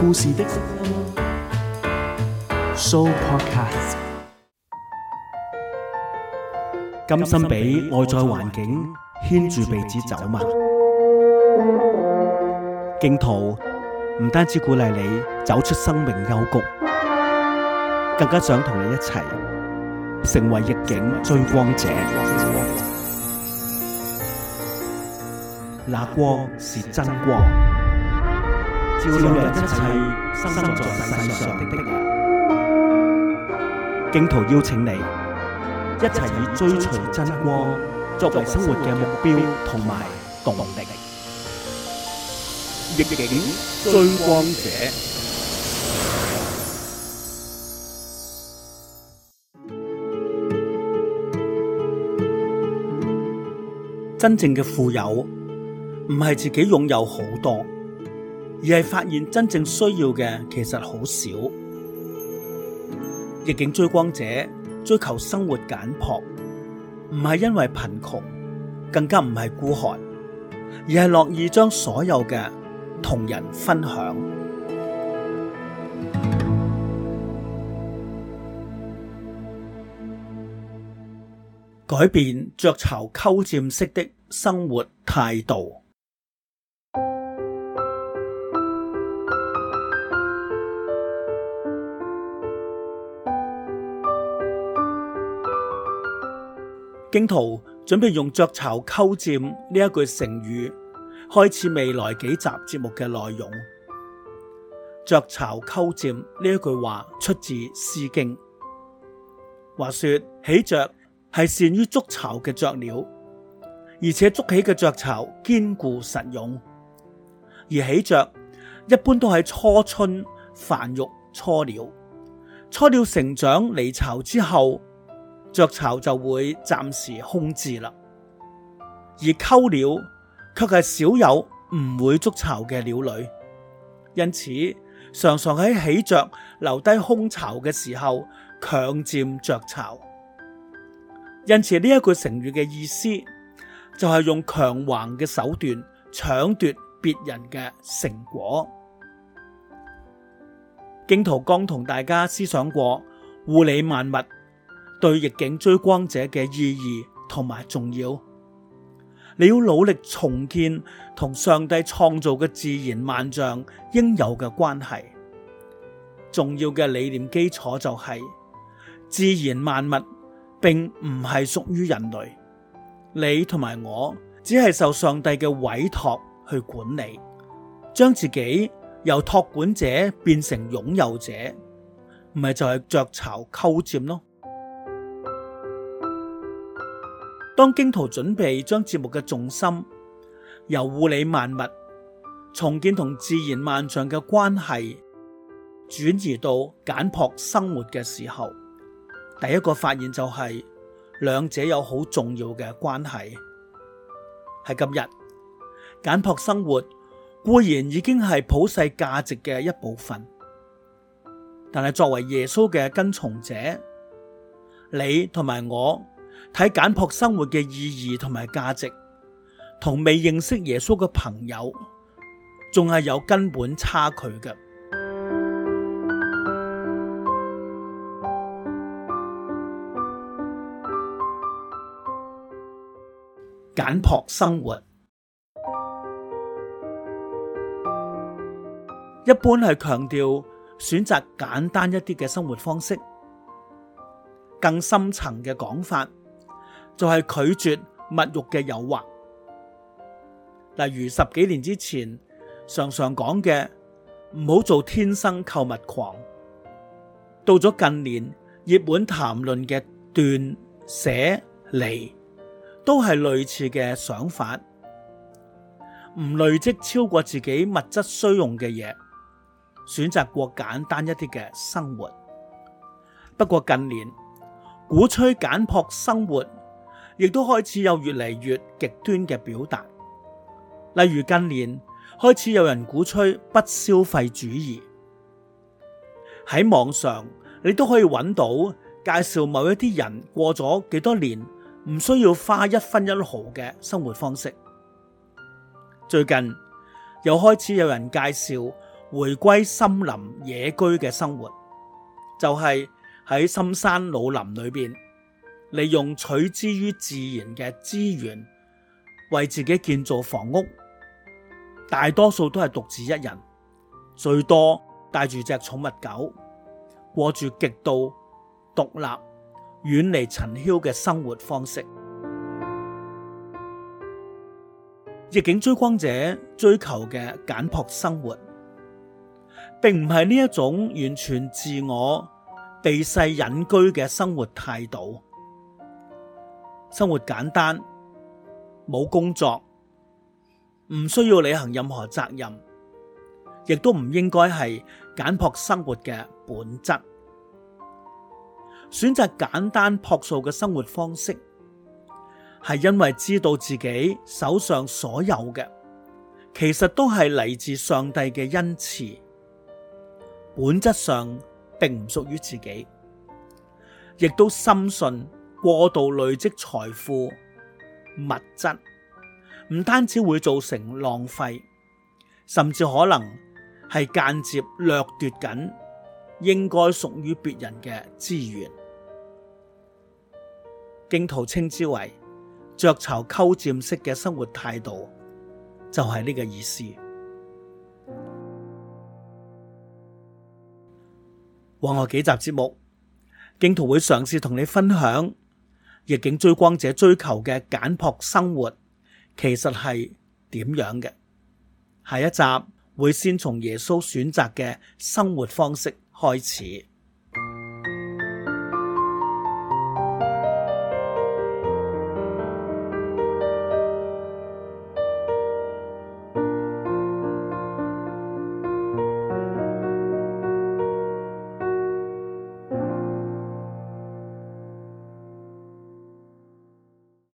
故事的 So Podcast，甘心俾外在環境牽住鼻子走嗎？荊徒唔單止鼓勵你走出生命幽谷，更加想同你一齊成為逆境追光者。那光是真光。照亮一切生在世上的的人，荊徒邀請你，一齊以追隨真光作為生活嘅目標同埋動力，逆境追光者。真正嘅富有，唔係自己擁有好多。而係發現真正需要嘅其實好少，逆境追光者追求生活簡樸，唔係因為貧窮，更加唔係孤寒，而係樂意將所有嘅同人分享，改變鵲巢鳩占式的生活態度。荊徒準備用鵲巢鳩占呢一句成語開始未來幾集節目嘅內容。鵲巢鳩占呢一句話出自《詩經》，話說喜鵲係善於築巢嘅雀鳥，而且築起嘅雀巢堅固實用。而喜鵲一般都喺初春繁育雛鳥，雛鳥成長離巢之後。鵲巢就會暫時空置啦，而鳩鳥卻係少有唔會築巢嘅鳥類，因此常常喺起鵲留低空巢嘅時候強佔鵲巢。因此呢一句成語嘅意思就係用強橫嘅手段搶奪別人嘅成果。荊徒剛同大家思想過護理萬物。對逆境追光者嘅意義同埋重要，你要努力重建同上帝創造嘅自然萬象應有嘅關係。重要嘅理念基礎就係自然萬物並唔係屬於人類，你同埋我只係受上帝嘅委託去管理，將自己由託管者變成擁有者，唔係就係鵲巢鳩佔咯。當荊徒準備將節目嘅重心由護理萬物、重建同自然漫長嘅關係轉移到簡朴生活嘅時候，第一個發現就係、是、兩者有好重要嘅關係。喺今日簡朴生活固然已經係普世價值嘅一部分，但係作為耶穌嘅跟從者，你同埋我。睇簡樸生活嘅意義同埋價值，同未認識耶穌嘅朋友，仲係有根本差距嘅。簡樸生活一般係強調選擇簡單一啲嘅生活方式，更深層嘅講法。就係拒絕物欲嘅誘惑，例如十幾年之前常常講嘅唔好做天生購物狂，到咗近年熱門談論嘅斷捨離，都係類似嘅想法，唔累積超過自己物質需用嘅嘢，選擇過簡單一啲嘅生活。不過近年鼓吹簡樸生活。亦都開始有越嚟越極端嘅表達，例如近年開始有人鼓吹不消費主義，喺網上你都可以揾到介紹某一啲人過咗幾多年唔需要花一分一毫嘅生活方式。最近又開始有人介紹回歸森林野居嘅生活，就係喺深山老林裏邊。利用取之於自然嘅資源為自己建造房屋，大多數都係獨自一人，最多帶住隻寵物狗，過住極度獨立、遠離塵囂嘅生活方式。逆境追光者追求嘅簡樸生活，並唔係呢一種完全自我避世隱居嘅生活態度。生活簡單，冇工作，唔需要履行任何責任，亦都唔應該係簡樸生活嘅本質。選擇簡單樸素嘅生活方式，係因為知道自己手上所有嘅，其實都係嚟自上帝嘅恩賜，本質上並唔屬於自己，亦都深信。過度累積財富物質，唔單止會造成浪費，甚至可能係間接掠奪緊應該屬於別人嘅資源。荊徒稱之為鵲巢鳩占式嘅生活態度，就係、是、呢個意思。往後幾集節目，荊徒會嘗試同你分享。逆境追光者追求嘅簡樸生活，其實係點樣嘅？下一集會先從耶穌選擇嘅生活方式開始。